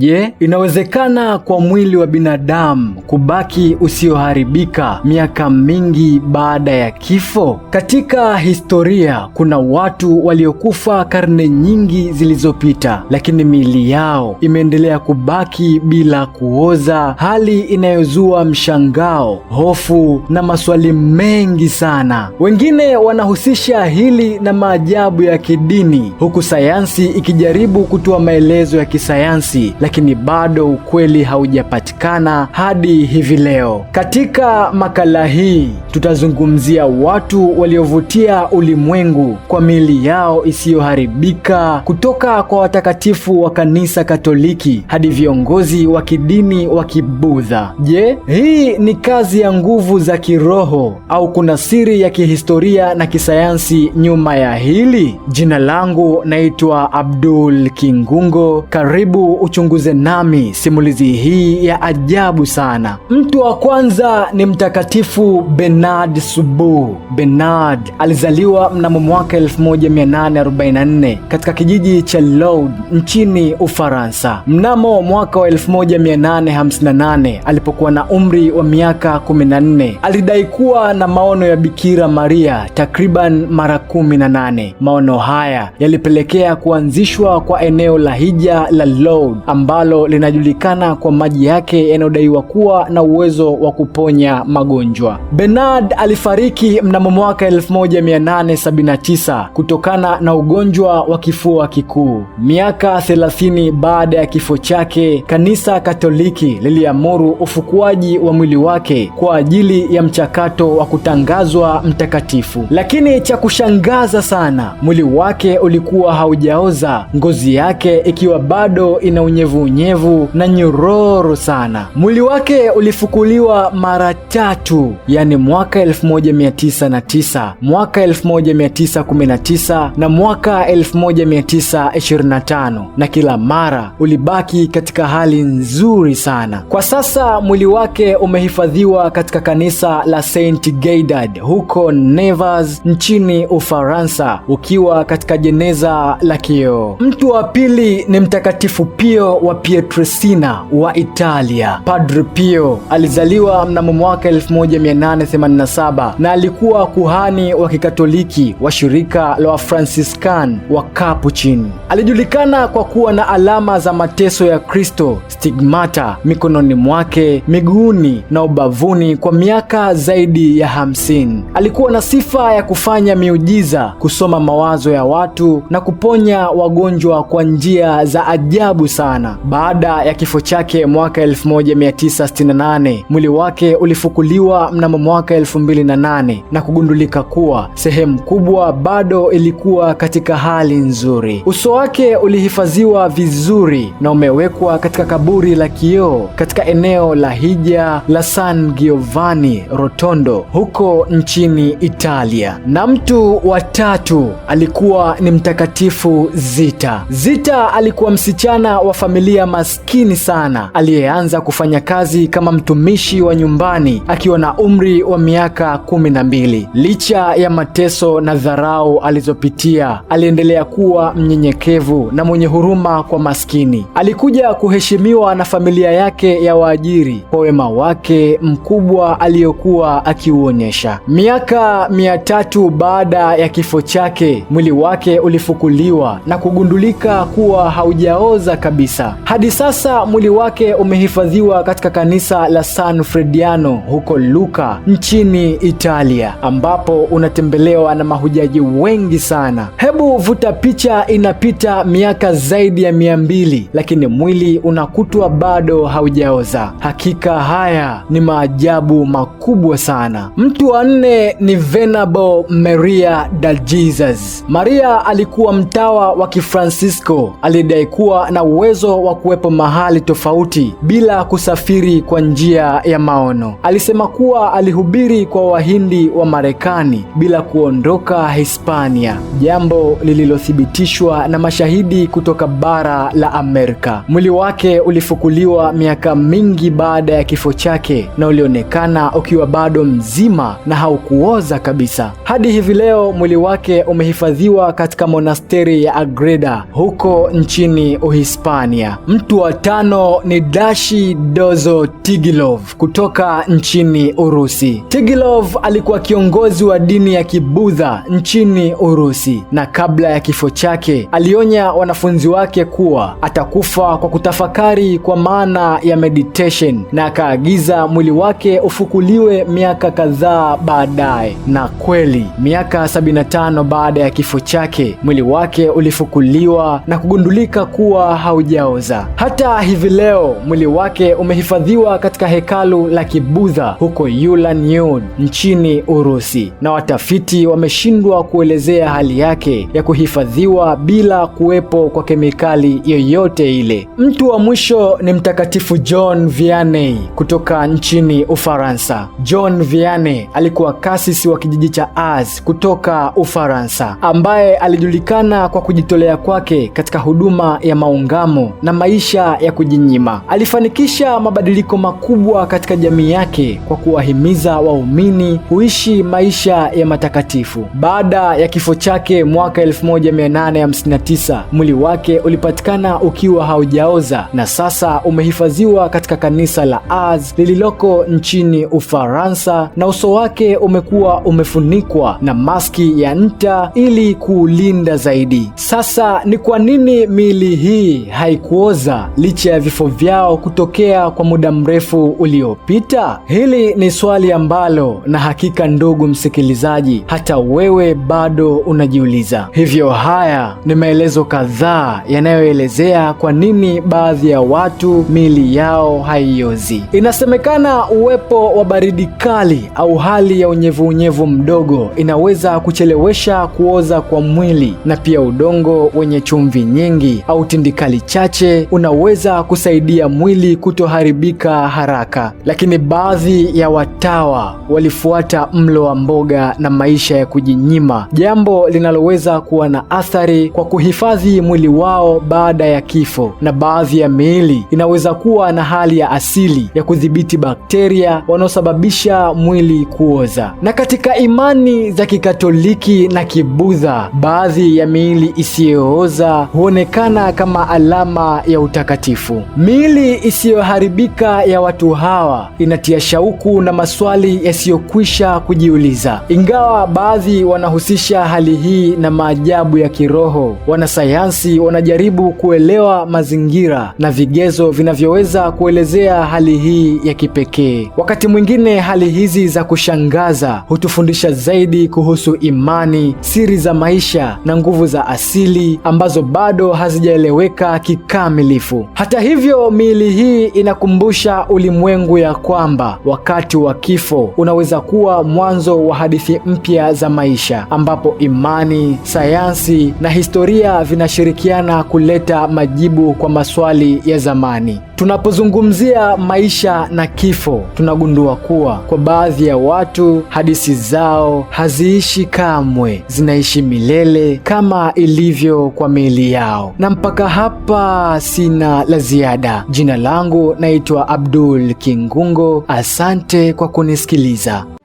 Je, inawezekana kwa mwili wa binadamu kubaki usioharibika miaka mingi baada ya kifo? Katika historia kuna watu waliokufa karne nyingi zilizopita, lakini miili yao imeendelea kubaki bila kuoza, hali inayozua mshangao, hofu na maswali mengi sana. Wengine wanahusisha hili na maajabu ya kidini, huku sayansi ikijaribu kutoa maelezo ya kisayansi lakini bado ukweli haujapatikana hadi hivi leo. Katika makala hii tutazungumzia watu waliovutia ulimwengu kwa miili yao isiyoharibika, kutoka kwa watakatifu wa kanisa Katoliki hadi viongozi wa kidini wa Kibudha. Je, hii ni kazi ya nguvu za kiroho au kuna siri ya kihistoria na kisayansi nyuma ya hili? Jina langu naitwa Abdul Kingungo. Karibu uchunguzi jifunze nami simulizi hii ya ajabu sana. Mtu wa kwanza ni Mtakatifu Bernard Subu. Bernard alizaliwa mnamo mwaka 1844 katika kijiji cha Loud nchini Ufaransa. Mnamo mwaka wa 1858 alipokuwa na umri wa miaka 14, alidai kuwa na maono ya Bikira Maria takriban mara 18. Maono haya yalipelekea kuanzishwa kwa eneo la hija la Loud ambalo linajulikana kwa maji yake yanayodaiwa kuwa na uwezo wa kuponya magonjwa. Bernard alifariki mnamo mwaka 1879 kutokana na ugonjwa wa kifua kikuu. Miaka 30 baada ya kifo chake, kanisa Katoliki liliamuru ufukuaji wa mwili wake kwa ajili ya mchakato wa kutangazwa mtakatifu. Lakini cha kushangaza sana, mwili wake ulikuwa haujaoza, ngozi yake ikiwa bado ina unyevu unyevunyevu na nyororo sana. Mwili wake ulifukuliwa mara tatu, yani mwaka 1909, mwaka 1919 na mwaka 1925, na kila mara ulibaki katika hali nzuri sana. Kwa sasa mwili wake umehifadhiwa katika kanisa la Saint Gaidard huko Nevers nchini Ufaransa, ukiwa katika jeneza la kioo. Mtu wa pili ni Mtakatifu Pio wa Pietresina wa Italia. Padre Pio alizaliwa mnamo mwaka 1887 na alikuwa kuhani wa Kikatoliki wa shirika la Franciscan wa Capuchin. Alijulikana kwa kuwa na alama za mateso ya Kristo, stigmata mikononi mwake, miguuni na ubavuni kwa miaka zaidi ya hamsini. Alikuwa na sifa ya kufanya miujiza, kusoma mawazo ya watu na kuponya wagonjwa kwa njia za ajabu sana. Baada ya kifo chake mwaka 1968, mwili wake ulifukuliwa mnamo mwaka 2008 na kugundulika kuwa sehemu kubwa bado ilikuwa katika hali nzuri. Uso wake ulihifadhiwa vizuri na umewekwa katika kaburi la kioo katika eneo la hija la San Giovanni Rotondo huko nchini Italia. Na mtu wa tatu alikuwa ni Mtakatifu Zita. Zita alikuwa msichana wa familia familia maskini sana aliyeanza kufanya kazi kama mtumishi wa nyumbani akiwa na umri wa miaka kumi na mbili. Licha ya mateso na dharau alizopitia, aliendelea kuwa mnyenyekevu na mwenye huruma kwa maskini. Alikuja kuheshimiwa na familia yake ya waajiri kwa wema wake mkubwa aliyokuwa akiuonyesha. Miaka mia tatu baada ya kifo chake, mwili wake ulifukuliwa na kugundulika kuwa haujaoza kabisa. Hadi sasa mwili wake umehifadhiwa katika kanisa la San Frediano huko luka nchini Italia, ambapo unatembelewa na mahujaji wengi sana. Hebu vuta picha, inapita miaka zaidi ya mia mbili, lakini mwili unakutwa bado haujaoza. Hakika haya ni maajabu makubwa sana. Mtu wa nne ni Venerable Maria da Jesus. Maria alikuwa mtawa wa Kifransisko aliyedai kuwa na uwezo wa kuwepo mahali tofauti bila kusafiri kwa njia ya maono. Alisema kuwa alihubiri kwa Wahindi wa Marekani bila kuondoka Hispania, jambo lililothibitishwa na mashahidi kutoka bara la Amerika. Mwili wake ulifukuliwa miaka mingi baada ya kifo chake na ulionekana ukiwa bado mzima na haukuoza kabisa. Hadi hivi leo mwili wake umehifadhiwa katika monasteri ya Agreda huko nchini Uhispania. Tanzania. Mtu wa tano ni Dashi Dozo Tigilov kutoka nchini Urusi. Tigilov alikuwa kiongozi wa dini ya Kibudha nchini Urusi, na kabla ya kifo chake alionya wanafunzi wake kuwa atakufa kwa kutafakari kwa maana ya meditation, na akaagiza mwili wake ufukuliwe miaka kadhaa baadaye. Na kweli miaka 75 baada ya kifo chake mwili wake ulifukuliwa na kugundulika kuwa haujao Buddha. Hata hivi leo mwili wake umehifadhiwa katika hekalu la Kibudha huko Yulan-Yun nchini Urusi, na watafiti wameshindwa kuelezea hali yake ya kuhifadhiwa bila kuwepo kwa kemikali yoyote ile. Mtu wa mwisho ni mtakatifu John Vianney kutoka nchini Ufaransa. John Vianney alikuwa kasisi wa kijiji cha Az kutoka Ufaransa ambaye alijulikana kwa kujitolea kwake katika huduma ya maungamo na maisha ya kujinyima. Alifanikisha mabadiliko makubwa katika jamii yake kwa kuwahimiza waumini kuishi maisha ya matakatifu. Baada ya kifo chake mwaka 1859, mwili wake ulipatikana ukiwa haujaoza na sasa umehifadhiwa katika kanisa la Az lililoko nchini Ufaransa, na uso wake umekuwa umefunikwa na maski ya nta ili kuulinda zaidi. Sasa ni kwa nini miili hii haiku kuoza licha ya vifo vyao kutokea kwa muda mrefu uliopita? Hili ni swali ambalo na hakika, ndugu msikilizaji, hata wewe bado unajiuliza. Hivyo haya ni maelezo kadhaa yanayoelezea kwa nini baadhi ya watu miili yao haiozi. Inasemekana uwepo wa baridi kali au hali ya unyevuunyevu mdogo inaweza kuchelewesha kuoza kwa mwili na pia udongo wenye chumvi nyingi au tindikali chache chache unaweza kusaidia mwili kutoharibika haraka, lakini baadhi ya watawa walifuata mlo wa mboga na maisha ya kujinyima, jambo linaloweza kuwa na athari kwa kuhifadhi mwili wao baada ya kifo. Na baadhi ya miili inaweza kuwa na hali ya asili ya kudhibiti bakteria wanaosababisha mwili kuoza. Na katika imani za Kikatoliki na Kibudha, baadhi ya miili isiyooza huonekana kama alama ya utakatifu. Miili isiyoharibika ya watu hawa inatia shauku na maswali yasiyokwisha kujiuliza. Ingawa baadhi wanahusisha hali hii na maajabu ya kiroho, wanasayansi wanajaribu kuelewa mazingira na vigezo vinavyoweza kuelezea hali hii ya kipekee. Wakati mwingine hali hizi za kushangaza hutufundisha zaidi kuhusu imani, siri za maisha na nguvu za asili ambazo bado hazijaeleweka kika kikamilifu. Hata hivyo, miili hii inakumbusha ulimwengu ya kwamba wakati wa kifo unaweza kuwa mwanzo wa hadithi mpya za maisha, ambapo imani, sayansi na historia vinashirikiana kuleta majibu kwa maswali ya zamani. Tunapozungumzia maisha na kifo, tunagundua kuwa kwa baadhi ya watu hadithi zao haziishi kamwe, zinaishi milele kama ilivyo kwa miili yao. Na mpaka hapa sina la ziada. Jina langu naitwa Abdul Kingungo. Asante kwa kunisikiliza.